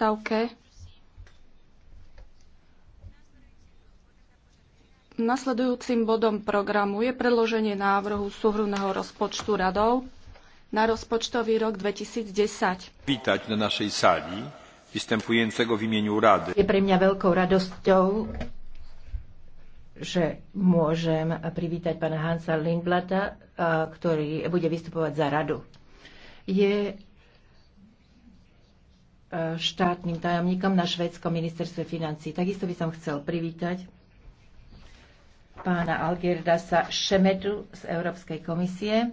prestávke Nasledujúcim bodom programu je predloženie návrhu súhrného rozpočtu radov na rozpočtový rok 2010. Vítať na našej sáli vystępującego v imieniu Rady. Je pre mňa veľkou radosťou, že môžem privítať pána Hansa Lindblata, ktorý bude vystupovať za radu. Je E, štátnym tajomníkom na švedskom ministerstve financí. Takisto by som chcel privítať pána Algierdasa Šemetu z Európskej komisie.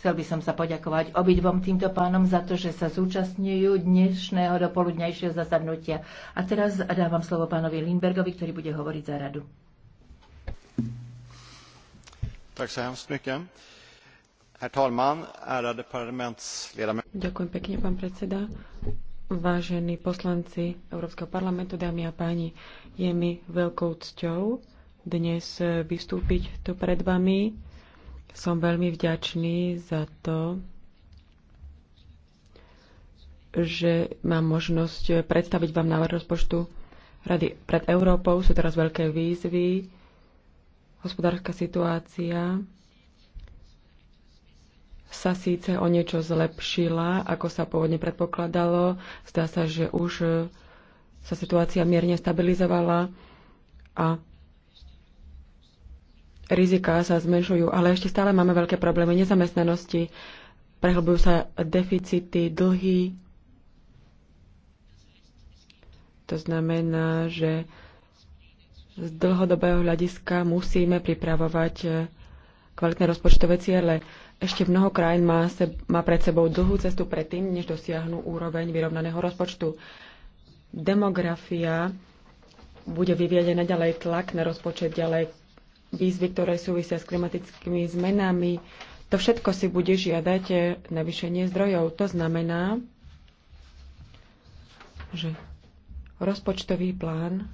Chcel by som sa poďakovať obidvom týmto pánom za to, že sa zúčastňujú dnešného dopoludnejšieho zasadnutia. A teraz dávam slovo pánovi Lindbergovi, ktorý bude hovoriť za radu. Tak sa vám Herr talman, ärade parlamentsledamöter. Ďakujem pekne, pán predseda. Vážení poslanci Európskeho parlamentu, dámy a páni, je mi veľkou cťou dnes vystúpiť tu pred vami. Som veľmi vďačný za to, že mám možnosť predstaviť vám návrh rozpočtu Rady pred Európou. Sú teraz veľké výzvy, hospodárska situácia, sa síce o niečo zlepšila, ako sa pôvodne predpokladalo. Zdá sa, že už e, sa situácia mierne stabilizovala a riziká sa zmenšujú, ale ešte stále máme veľké problémy nezamestnanosti, prehlbujú sa deficity, dlhy. To znamená, že z dlhodobého hľadiska musíme pripravovať e, kvalitné rozpočtové ciele. Ešte mnoho krajín má, se, má pred sebou dlhú cestu predtým, než dosiahnu úroveň vyrovnaného rozpočtu. Demografia bude vyvíjať aj naďalej tlak na rozpočet, ďalej výzvy, ktoré súvisia s klimatickými zmenami. To všetko si bude žiadať navýšenie zdrojov. To znamená, že rozpočtový plán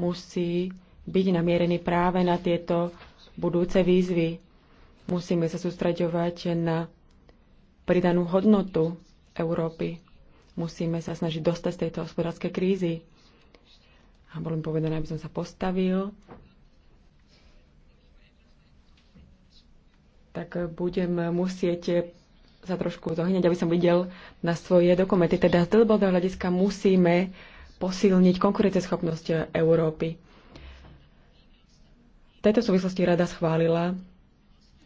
musí byť namierený práve na tieto budúce výzvy Musíme sa sústraďovať na pridanú hodnotu Európy. Musíme sa snažiť dostať z tejto hospodárskej krízy. A bolo mi povedané, aby som sa postavil. Tak budem musieť sa trošku zohňať, aby som videl na svoje dokumenty. Teda z dlhodobého hľadiska musíme posilniť konkurenceschopnosť Európy. V tejto súvislosti rada schválila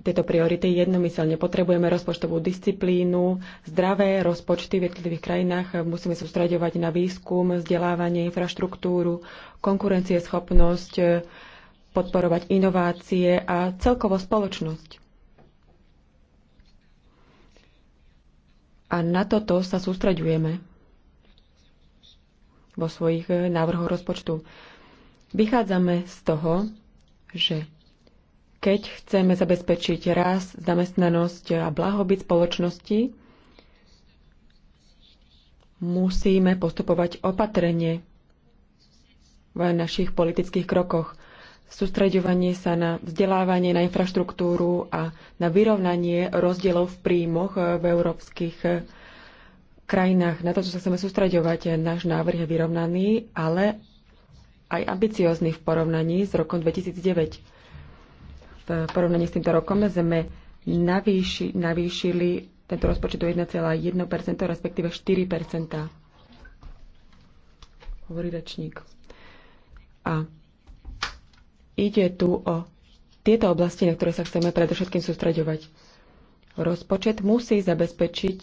tieto priority jednomyselne. Potrebujeme rozpočtovú disciplínu, zdravé rozpočty v jednotlivých krajinách, musíme sústraďovať na výskum, vzdelávanie, infraštruktúru, konkurencieschopnosť, podporovať inovácie a celkovo spoločnosť. A na toto sa sústraďujeme vo svojich návrhoch rozpočtu. Vychádzame z toho, že keď chceme zabezpečiť rast, zamestnanosť a blahobyt spoločnosti, musíme postupovať opatrenie v našich politických krokoch. Sústreďovanie sa na vzdelávanie, na infraštruktúru a na vyrovnanie rozdielov v príjmoch v európskych krajinách. Na to, čo sa chceme sústreďovať, náš návrh je vyrovnaný, ale aj ambiciózny v porovnaní s rokom 2009 v porovnaní s týmto rokom sme navýši, navýšili tento rozpočet o 1,1%, respektíve 4%. Hovorí rečník. A ide tu o tieto oblasti, na ktoré sa chceme predovšetkým sústreďovať. Rozpočet musí zabezpečiť,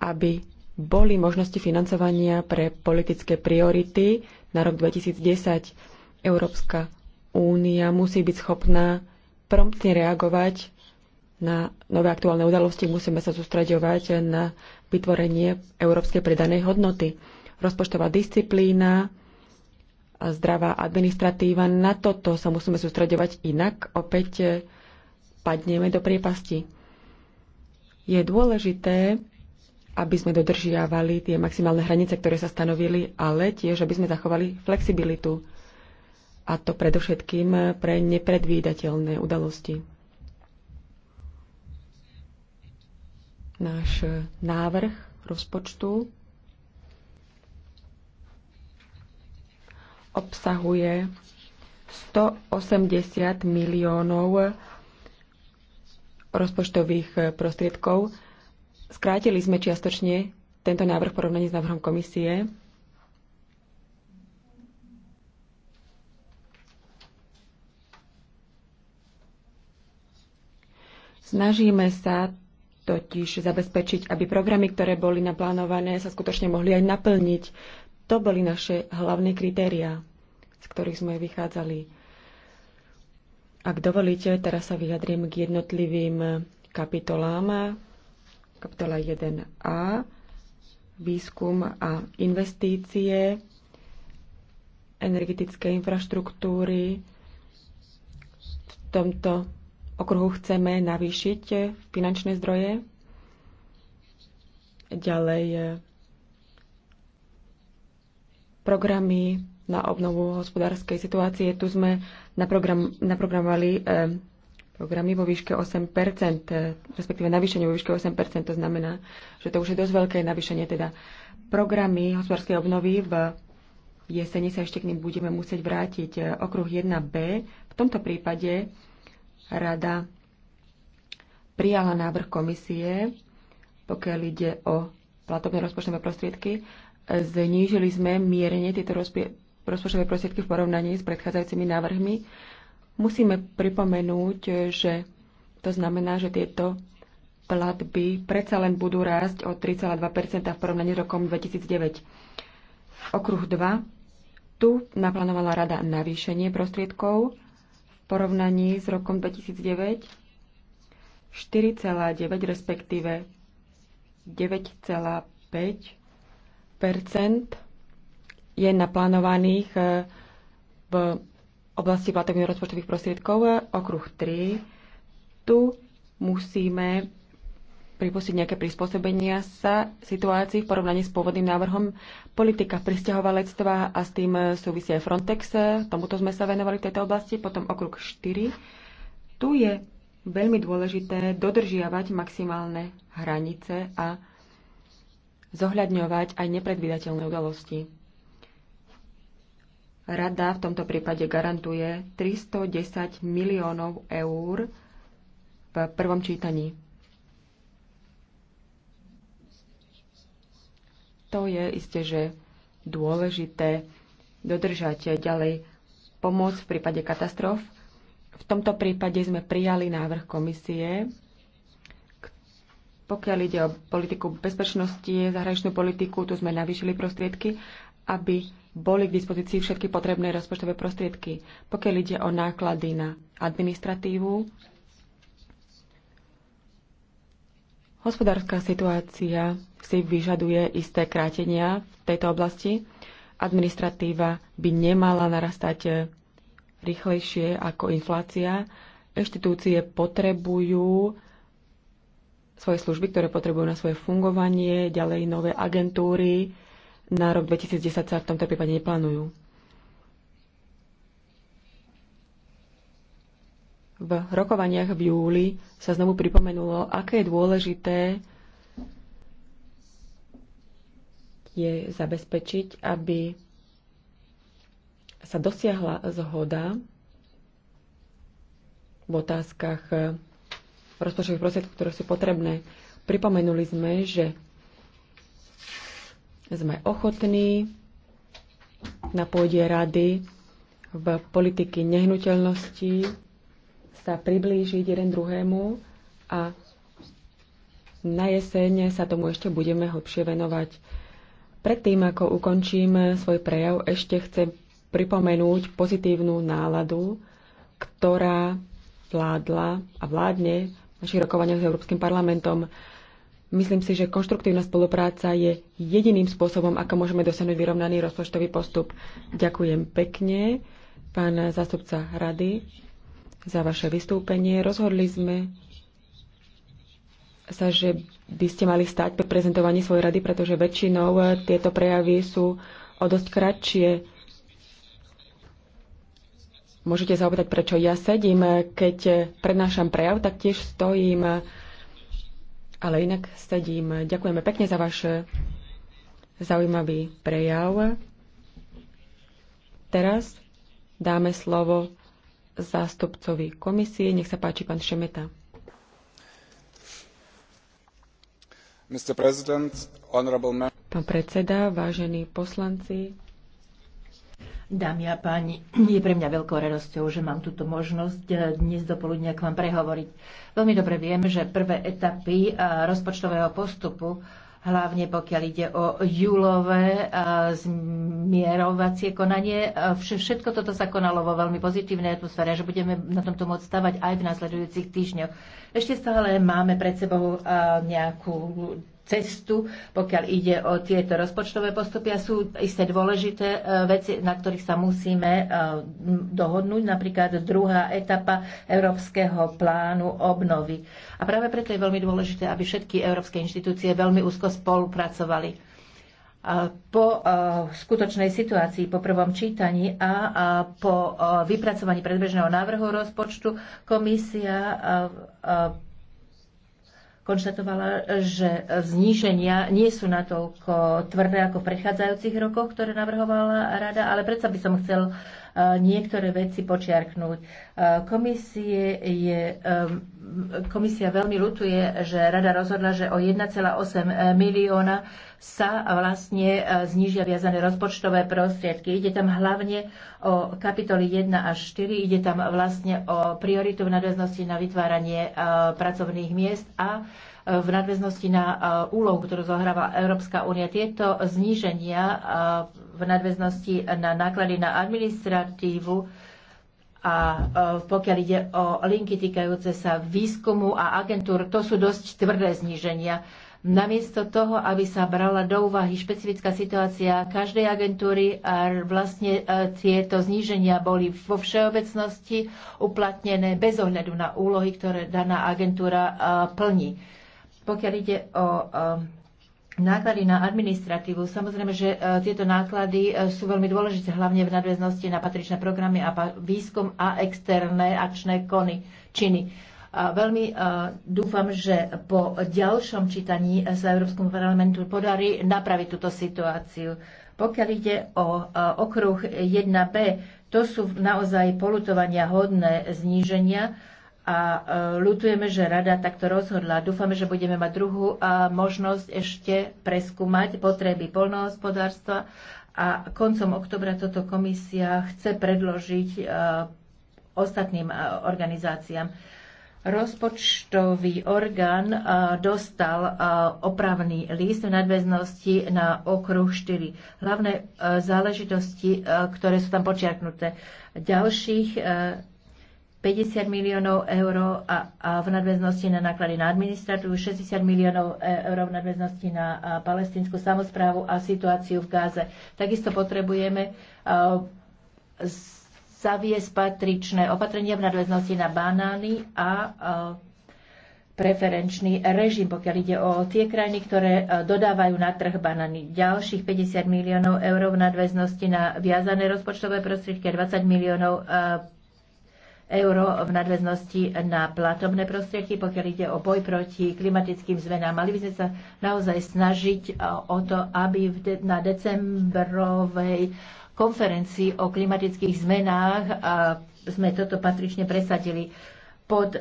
aby boli možnosti financovania pre politické priority na rok 2010. Európska únia musí byť schopná promptne reagovať na nové aktuálne udalosti, musíme sa sústredovať na vytvorenie európskej predanej hodnoty. Rozpočtová disciplína, a zdravá administratíva, na toto sa musíme sústredovať, inak opäť eh, padneme do priepasti. Je dôležité, aby sme dodržiavali tie maximálne hranice, ktoré sa stanovili, ale tiež, aby sme zachovali flexibilitu a to predovšetkým pre nepredvídateľné udalosti. Náš návrh rozpočtu obsahuje 180 miliónov rozpočtových prostriedkov. Skrátili sme čiastočne tento návrh v porovnaní s návrhom komisie Snažíme sa totiž zabezpečiť, aby programy, ktoré boli naplánované, sa skutočne mohli aj naplniť. To boli naše hlavné kritéria, z ktorých sme vychádzali. Ak dovolíte, teraz sa vyjadrím k jednotlivým kapitolám. Kapitola 1a, výskum a investície, energetické infraštruktúry. V tomto okruhu chceme navýšiť finančné zdroje. Ďalej e, programy na obnovu hospodárskej situácie. Tu sme naprogram, naprogramovali e, programy vo výške 8%, e, respektíve navýšenie vo výške 8%, to znamená, že to už je dosť veľké navýšenie. Teda programy hospodárskej obnovy v jeseni sa ešte k ním budeme musieť vrátiť. Okruh 1b v tomto prípade Rada prijala návrh komisie, pokiaľ ide o platobné rozpočtové prostriedky. Znížili sme mierne tieto rozpočtové prostriedky v porovnaní s predchádzajúcimi návrhmi. Musíme pripomenúť, že to znamená, že tieto platby predsa len budú rásť o 3,2 v porovnaní s rokom 2009. Okruh 2. Tu naplánovala rada navýšenie prostriedkov porovnaní s rokom 2009 4,9 respektíve 9,5 je naplánovaných eh, v oblasti platobných rozpočtových prostriedkov eh, okruh 3. Tu musíme pripustiť nejaké prispôsobenia sa situácii v porovnaní s pôvodným návrhom politika pristahovalectva a s tým súvisia aj Frontex. Tomuto sme sa venovali v tejto oblasti. Potom okruh 4. Tu je veľmi dôležité dodržiavať maximálne hranice a zohľadňovať aj nepredvídateľné udalosti. Rada v tomto prípade garantuje 310 miliónov eur v prvom čítaní. To je isté, že dôležité dodržať ďalej pomoc v prípade katastrof. V tomto prípade sme prijali návrh komisie, pokiaľ ide o politiku bezpečnosti, zahraničnú politiku, tu sme navýšili prostriedky, aby boli k dispozícii všetky potrebné rozpočtové prostriedky. Pokiaľ ide o náklady na administratívu, Hospodárska situácia si vyžaduje isté krátenia v tejto oblasti. Administratíva by nemala narastať eh, rýchlejšie ako inflácia. Inštitúcie potrebujú svoje služby, ktoré potrebujú na svoje fungovanie, ďalej nové agentúry. Na rok 2010 sa v tomto prípade neplánujú. V rokovaniach v júli sa znovu pripomenulo, aké je dôležité je zabezpečiť, aby sa dosiahla zhoda v otázkach rozpočtových prostriedkov, ktoré sú potrebné. Pripomenuli sme, že sme ochotní na pôde rady v politiky nehnuteľností sa priblížiť jeden druhému a na jeseň sa tomu ešte budeme hlbšie venovať. Predtým, ako ukončím svoj prejav, ešte chcem pripomenúť pozitívnu náladu, ktorá vládla a vládne v našich rokovaniach s Európskym parlamentom. Myslím si, že konštruktívna spolupráca je jediným spôsobom, ako môžeme dosiahnuť vyrovnaný rozpočtový postup. Ďakujem pekne, pán zástupca rady za vaše vystúpenie. Rozhodli sme sa, že by ste mali stať pri prezentovaní svojej rady, pretože väčšinou eh, tieto prejavy sú o dosť kratšie. Môžete sa opýtať, prečo ja sedím. Eh, Keď eh, prednášam prejav, tak tiež stojím, ale inak sedím. Ďakujeme pekne za váš zaujímavý prejav. Teraz dáme slovo zástupcovi komisie. Nech sa páči, pán Šemeta. Pán predseda, vážení poslanci, Dámy a páni, je pre mňa veľkou radosťou, že mám túto možnosť eh, dnes do poludnia k vám prehovoriť. Veľmi dobre viem, že prvé etapy eh, rozpočtového postupu hlavne pokiaľ ide o júlové e, zmierovacie konanie. E, všetko toto sa konalo vo veľmi pozitívnej atmosfére, že budeme na tomto môcť stavať aj v následujúcich týždňoch. Ešte stále máme pred sebou e, nejakú cestu, pokiaľ ide o tieto rozpočtové postupy a sú isté dôležité e, veci, na ktorých sa musíme e, dohodnúť, napríklad druhá etapa Európskeho plánu obnovy. A práve preto je veľmi dôležité, aby všetky európske inštitúcie veľmi úzko spolupracovali e, po skutočnej situácii, po prvom čítaní a po vypracovaní predbežného návrhu rozpočtu komisia konštatovala, že zníženia nie sú natoľko tvrdé ako v predchádzajúcich rokoch, ktoré navrhovala rada, ale predsa by som chcel eh, niektoré veci počiarknúť. Eh, komisie je eh, komisia veľmi lutuje, že rada rozhodla, že o 1,8 milióna sa vlastne e, znižia viazané rozpočtové prostriedky. Ide tam hlavne o kapitoly 1 až 4, ide tam vlastne o prioritu v nadväznosti na vytváranie e, pracovných miest a e, v nadväznosti na úlohu, ktorú zohráva Európska únia. Tieto zníženia v nadväznosti na náklady na administratívu a e, pokiaľ ide o linky týkajúce sa výskumu a agentúr, to sú dosť tvrdé zníženia. Namiesto toho, aby sa brala do úvahy špecifická situácia každej agentúry a vlastne e, tieto zníženia boli vo všeobecnosti uplatnené bez ohľadu na úlohy, ktoré daná agentúra e, plní. Pokiaľ ide o Náklady na administratívu. Samozrejme, že e, tieto náklady e, sú veľmi dôležité, hlavne v nadväznosti na patričné programy a výskum a externé akčné kony, činy. A veľmi e, dúfam, že po ďalšom čítaní sa Európskom parlamentu podarí napraviť túto situáciu. Pokiaľ ide o okruh 1b, to sú naozaj polutovania hodné zníženia a e, ľutujeme, že rada takto rozhodla. Dúfame, že budeme mať druhú e, možnosť ešte preskúmať potreby polnohospodárstva a koncom oktobra toto komisia chce predložiť e, ostatným organizáciám. Rozpočtový orgán dostal opravný list v nadväznosti na okruh 4. Hlavné záležitosti, ktoré sú tam počiarknuté. Ďalších 50 miliónov eur a, a v nadväznosti na náklady na administratúru, 60 miliónov e, eur v nadväznosti na palestinskú samozprávu a situáciu v Gáze. Takisto potrebujeme e, zaviesť patričné opatrenia v nadväznosti na banány a e, preferenčný režim, pokiaľ ide o tie krajiny, ktoré dodávajú na trh banany. Ďalších 50 miliónov eur v nadväznosti na viazané rozpočtové prostriedky 20 miliónov Euro v nadväznosti na platobné prostriedky, pokiaľ ide o boj proti klimatickým zmenám. Mali by sme sa naozaj snažiť e, o to, aby na decembrovej konferencii o klimatických zmenách e, sme toto patrične presadili. Pod e,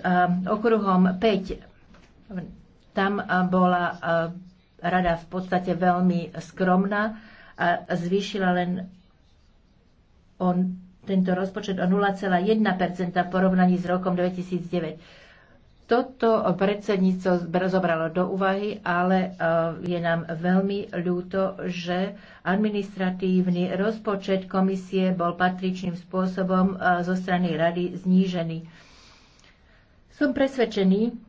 okruhom 5 tam bola rada v podstate veľmi skromná a zvýšila len on tento rozpočet o 0,1 v porovnaní s rokom 2009. Toto predsedníctvo zobralo do úvahy, ale e, je nám veľmi ľúto, že administratívny rozpočet komisie bol patričným spôsobom e, zo strany rady znížený. Som presvedčený,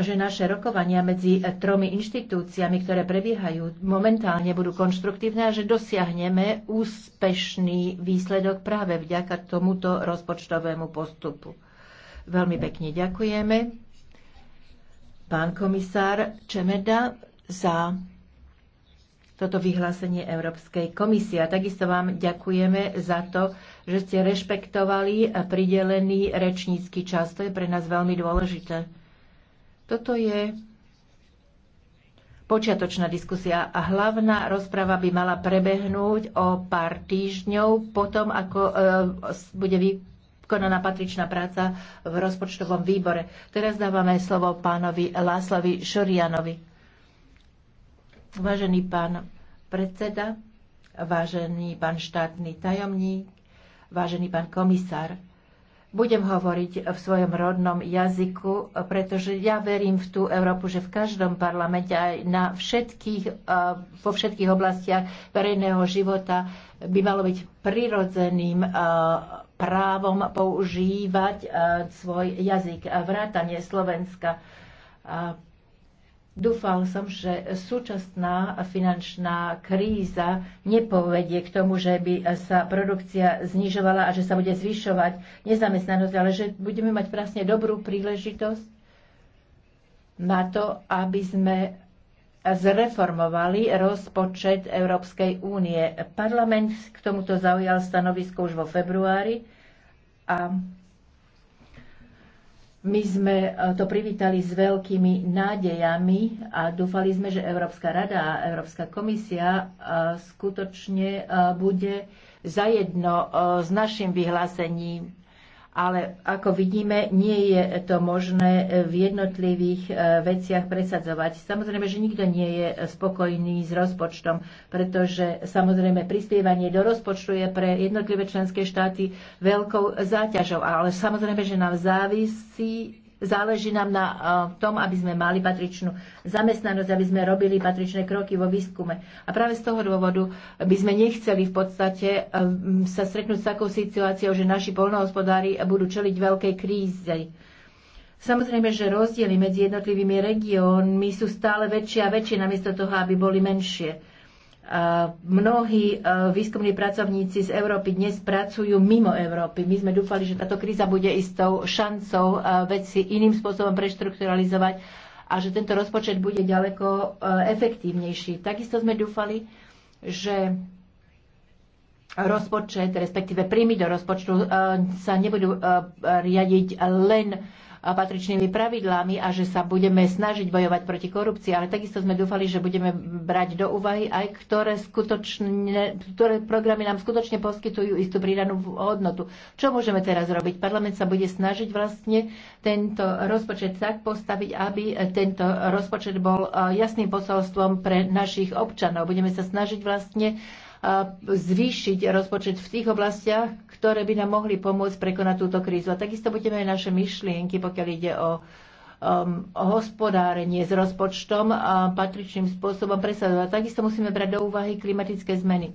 že naše rokovania medzi e, tromi inštitúciami, ktoré prebiehajú momentálne, budú konštruktívne a že dosiahneme úspešný výsledok práve vďaka tomuto rozpočtovému postupu. Veľmi pekne ďakujeme pán komisár Čemeda za toto vyhlásenie Európskej komisie. A takisto vám ďakujeme za to, že ste rešpektovali pridelený rečnícky čas. To je pre nás veľmi dôležité. Toto je počiatočná diskusia a hlavná rozprava by mala prebehnúť o pár týždňov potom, ako e, bude vykonaná patričná práca v rozpočtovom výbore. Teraz dávame slovo pánovi Láslavi Šorianovi. Vážený pán predseda, vážený pán štátny tajomník, vážený pán komisár, budem hovoriť v svojom rodnom jazyku, pretože ja verím v tú Európu, že v každom parlamente aj na všetkých, vo eh, všetkých oblastiach verejného života by malo byť prirodzeným eh, právom používať eh, svoj jazyk, vrátanie Slovenska. Dúfal som, že súčasná finančná kríza nepovedie k tomu, že by sa produkcia znižovala a že sa bude zvyšovať nezamestnanosť, ale že budeme mať vlastne dobrú príležitosť na to, aby sme zreformovali rozpočet Európskej únie. Parlament k tomuto zaujal stanovisko už vo februári a my sme e, to privítali s veľkými nádejami a dúfali sme, že Európska rada a Európska komisia e, skutočne e, bude zajedno s našim vyhlásením ale ako vidíme, nie je to možné v jednotlivých e, veciach presadzovať. Samozrejme, že nikto nie je spokojný s rozpočtom, pretože samozrejme prispievanie do rozpočtu je pre jednotlivé členské štáty veľkou záťažou, ale samozrejme, že nám závisí Záleží nám na e, tom, aby sme mali patričnú zamestnanosť, aby sme robili patričné kroky vo výskume. A práve z toho dôvodu by sme nechceli v podstate e, sa stretnúť s takou situáciou, že naši polnohospodári budú čeliť veľkej kríze. Samozrejme, že rozdiely medzi jednotlivými regiónmi sú stále väčšie a väčšie, namiesto toho, aby boli menšie. Eh, mnohí eh, výskumní pracovníci z Európy dnes pracujú mimo Európy. My sme dúfali, že táto kríza bude istou šancou eh, veci iným spôsobom preštrukturalizovať a že tento rozpočet bude ďaleko efektívnejší. Takisto sme dúfali, že rozpočet, respektíve príjmy do rozpočtu sa nebudú riadiť len patričnými pravidlami a že sa budeme snažiť bojovať proti korupcii, ale takisto sme dúfali, že budeme brať do úvahy aj ktoré, skutočne, ktoré programy nám skutočne poskytujú istú pridanú hodnotu. Čo môžeme teraz robiť? Parlament sa bude snažiť vlastne tento rozpočet tak postaviť, aby tento rozpočet bol e, jasným posolstvom pre našich občanov. Budeme sa snažiť vlastne e, zvýšiť rozpočet v tých oblastiach, ktoré by nám mohli pomôcť prekonať túto krízu. A takisto budeme aj naše myšlienky, pokiaľ ide o um, hospodárenie s rozpočtom a patričným spôsobom presadovať. Takisto musíme brať do úvahy klimatické zmeny.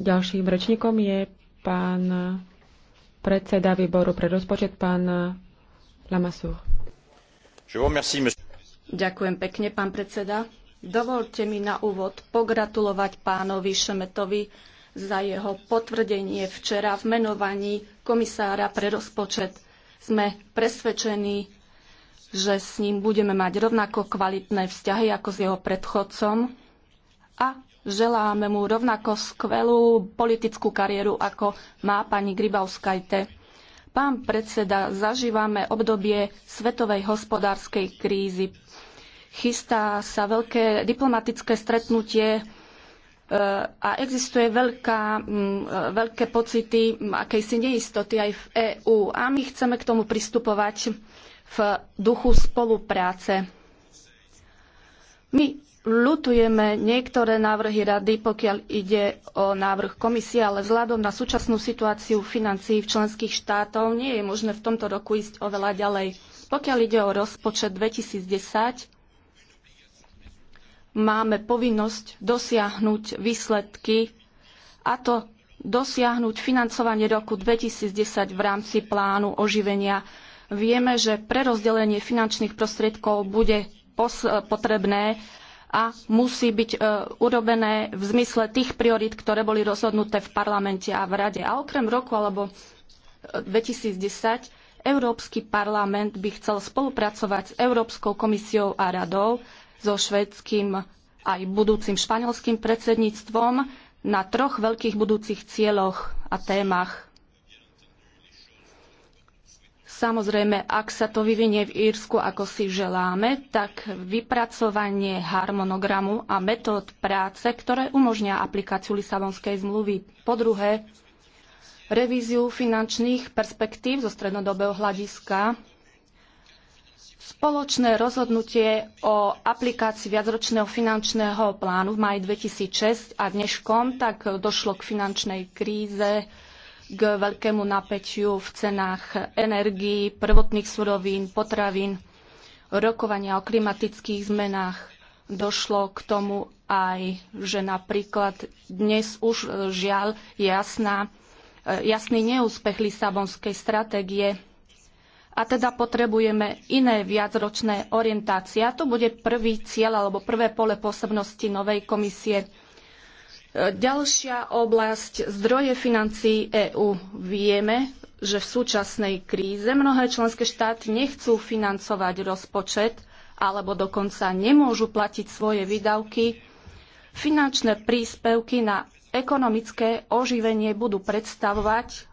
Ďalším rečníkom je pán predseda výboru pre rozpočet, pán Lamasur. Ďakujem pekne, pán predseda. Dovolte mi na úvod pogratulovať pánovi Šemetovi za jeho potvrdenie včera v menovaní komisára pre rozpočet. Sme presvedčení, že s ním budeme mať rovnako kvalitné vzťahy ako s jeho predchodcom a Želáme mu rovnako skvelú politickú kariéru, ako má pani Grybauskajte. Pán predseda, zažívame obdobie svetovej hospodárskej krízy. Chystá sa veľké diplomatické stretnutie e, a existuje veľká, e, veľké pocity akejsi neistoty aj v EÚ a my chceme k tomu pristupovať v duchu spolupráce. My Lutujeme niektoré návrhy rady, pokiaľ ide o návrh komisie, ale vzhľadom na súčasnú situáciu financií v členských štátov nie je možné v tomto roku ísť oveľa ďalej. Pokiaľ ide o rozpočet 2010, máme povinnosť dosiahnuť výsledky a to dosiahnuť financovanie roku 2010 v rámci plánu oživenia. Vieme, že prerozdelenie finančných prostriedkov bude potrebné a musí byť e, urobené v zmysle tých priorít, ktoré boli rozhodnuté v parlamente a v rade. A okrem roku alebo 2010 e, Európsky parlament by chcel spolupracovať s Európskou komisiou a radou, so švedským aj budúcim španielským predsedníctvom na troch veľkých budúcich cieľoch a témach Samozrejme, ak sa to vyvinie v Írsku, ako si želáme, tak vypracovanie harmonogramu a metód práce, ktoré umožnia aplikáciu Lisabonskej zmluvy. Po druhé, revíziu finančných perspektív zo strednodobého hľadiska, spoločné rozhodnutie o aplikácii viacročného finančného plánu v maji 2006 a dneškom tak došlo k finančnej kríze, k veľkému napätiu v cenách energií, prvotných surovín, potravín. Rokovania o klimatických zmenách došlo k tomu aj, že napríklad dnes už e, žiaľ jasná, e, jasný neúspech Lisabonskej stratégie a teda potrebujeme iné viacročné orientácie. A to bude prvý cieľ alebo prvé pole pôsobnosti novej komisie. E, ďalšia oblasť zdroje financií EÚ. Vieme, že v súčasnej kríze mnohé členské štáty nechcú financovať rozpočet alebo dokonca nemôžu platiť svoje výdavky. Finančné príspevky na ekonomické oživenie budú predstavovať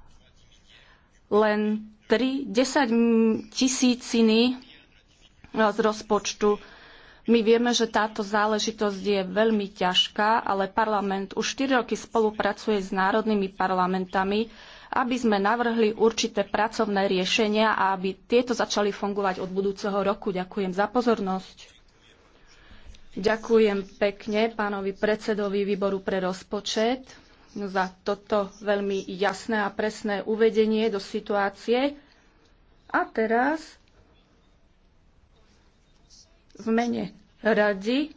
len 3 10 tisíciny z rozpočtu my vieme, že táto záležitosť je veľmi ťažká, ale parlament už 4 roky spolupracuje s národnými parlamentami, aby sme navrhli určité pracovné riešenia a aby tieto začali fungovať od budúceho roku. Ďakujem za pozornosť. Ďakujem pekne pánovi predsedovi výboru pre rozpočet za toto veľmi jasné a presné uvedenie do situácie. A teraz v mene radi.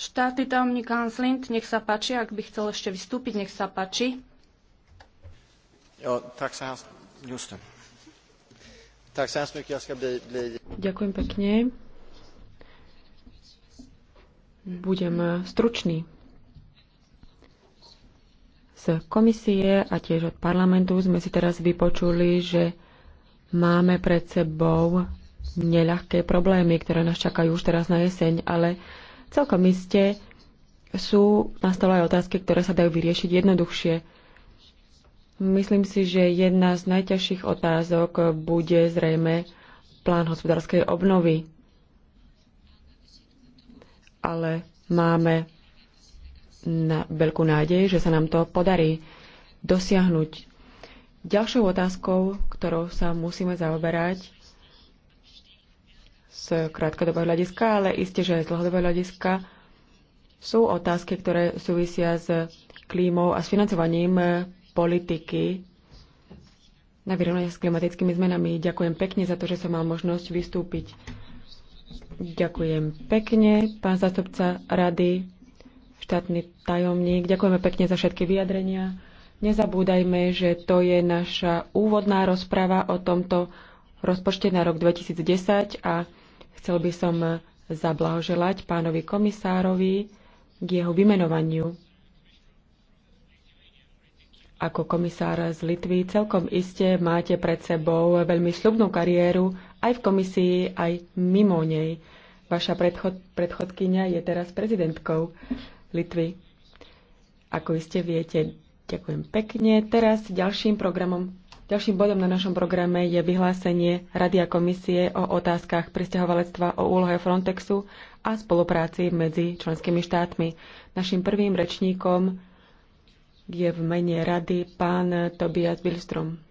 Štátny tajomník Hans nech sa páči, ak by chcel ešte vystúpiť, nech sa páči. Jo, tak sa, just Tak sa mycket, ska bli, bli... Ďakujem pekne. Budem stručný. Z komisie a tiež od parlamentu sme si teraz vypočuli, že máme pred sebou neľahké problémy, ktoré nás čakajú už teraz na jeseň, ale celkom iste sú na stole aj otázky, ktoré sa dajú vyriešiť jednoduchšie. Myslím si, že jedna z najťažších otázok bude zrejme plán hospodárskej obnovy. Ale máme na veľkú nádej, že sa nám to podarí dosiahnuť. Ďalšou otázkou, ktorou sa musíme zaoberať, z krátkodobého hľadiska, ale isté, že aj z dlhodobého hľadiska sú otázky, ktoré súvisia s klímou a s financovaním politiky na vyrovnanie s klimatickými zmenami. Ďakujem pekne za to, že som mal možnosť vystúpiť. Ďakujem pekne, pán zástupca rady, štátny tajomník. Ďakujeme pekne za všetky vyjadrenia. Nezabúdajme, že to je naša úvodná rozprava o tomto rozpočte na rok 2010 a Chcel by som zablahoželať pánovi komisárovi k jeho vymenovaniu. Ako komisár z Litvy celkom iste máte pred sebou veľmi slubnú kariéru aj v komisii, aj mimo nej. Vaša predchod, predchodkynia je teraz prezidentkou Litvy. Ako iste viete, ďakujem pekne. Teraz ďalším programom Ďalším bodom na našom programe je vyhlásenie Rady a komisie o otázkach pristahovalectva o úlohe Frontexu a spolupráci medzi členskými štátmi. Naším prvým rečníkom je v mene Rady pán Tobias Bilstrom.